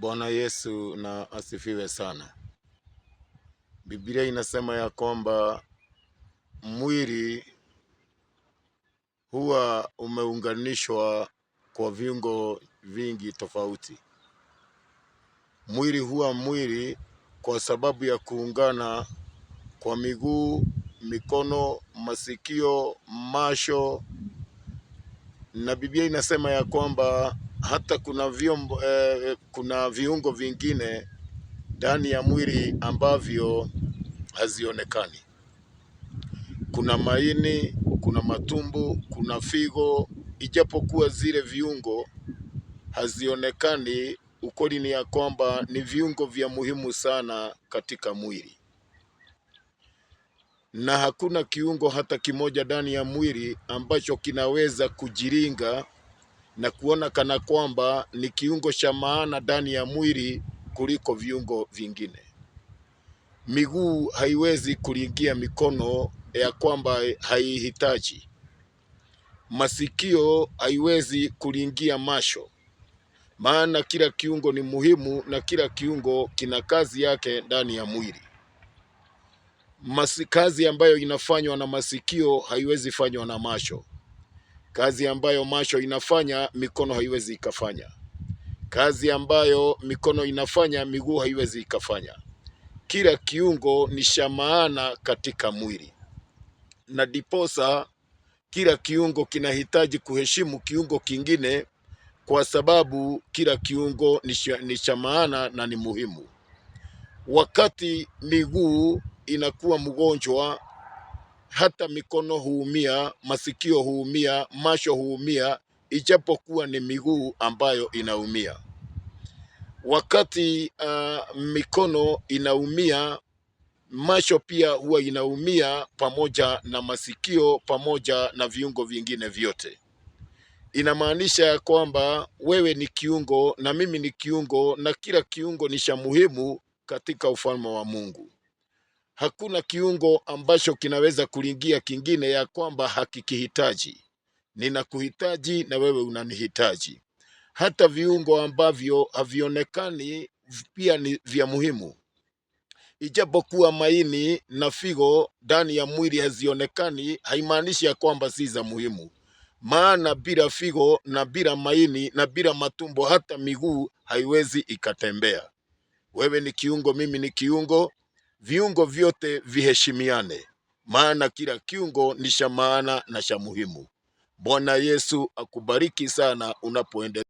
Bwana Yesu na asifiwe sana. Biblia inasema ya kwamba mwili huwa umeunganishwa kwa viungo vingi tofauti. Mwili huwa mwili kwa sababu ya kuungana kwa miguu, mikono, masikio, macho na Biblia inasema ya kwamba hata kuna vyombo, eh, kuna viungo vingine ndani ya mwili ambavyo hazionekani. Kuna maini, kuna matumbo, kuna figo, ijapokuwa zile viungo hazionekani, ukweli ni ya kwamba ni viungo vya muhimu sana katika mwili, na hakuna kiungo hata kimoja ndani ya mwili ambacho kinaweza kujiringa na kuona kana kwamba ni kiungo cha maana ndani ya mwili kuliko viungo vingine. Miguu haiwezi kulingia mikono ya kwamba haihitaji. Masikio haiwezi kulingia masho, maana kila kiungo ni muhimu na kila kiungo kina kazi yake ndani ya mwili. Masi, kazi ambayo inafanywa na masikio haiwezi fanywa na masho kazi ambayo macho inafanya mikono haiwezi ikafanya, kazi ambayo mikono inafanya miguu haiwezi ikafanya. Kila kiungo ni cha maana katika mwili, na diposa kila kiungo kinahitaji kuheshimu kiungo kingine, kwa sababu kila kiungo ni cha maana na ni muhimu. Wakati miguu inakuwa mgonjwa hata mikono huumia, masikio huumia, macho huumia, ijapokuwa ni miguu ambayo inaumia. Wakati uh, mikono inaumia, macho pia huwa inaumia, pamoja na masikio, pamoja na viungo vingine vyote. Inamaanisha ya kwamba wewe ni kiungo na mimi ni kiungo, na kila kiungo ni cha muhimu katika ufalme wa Mungu hakuna kiungo ambacho kinaweza kulingia kingine ya kwamba hakikihitaji. Ninakuhitaji na wewe unanihitaji. Hata viungo ambavyo havionekani pia ni vya muhimu, ijapokuwa maini na figo ndani ya mwili hazionekani, haimaanishi ya kwamba si za muhimu, maana bila figo na bila maini na bila matumbo, hata miguu haiwezi ikatembea. Wewe ni kiungo, mimi ni kiungo, viungo vyote viheshimiane, maana kila kiungo ni cha maana na cha muhimu. Bwana Yesu akubariki sana unapoendelea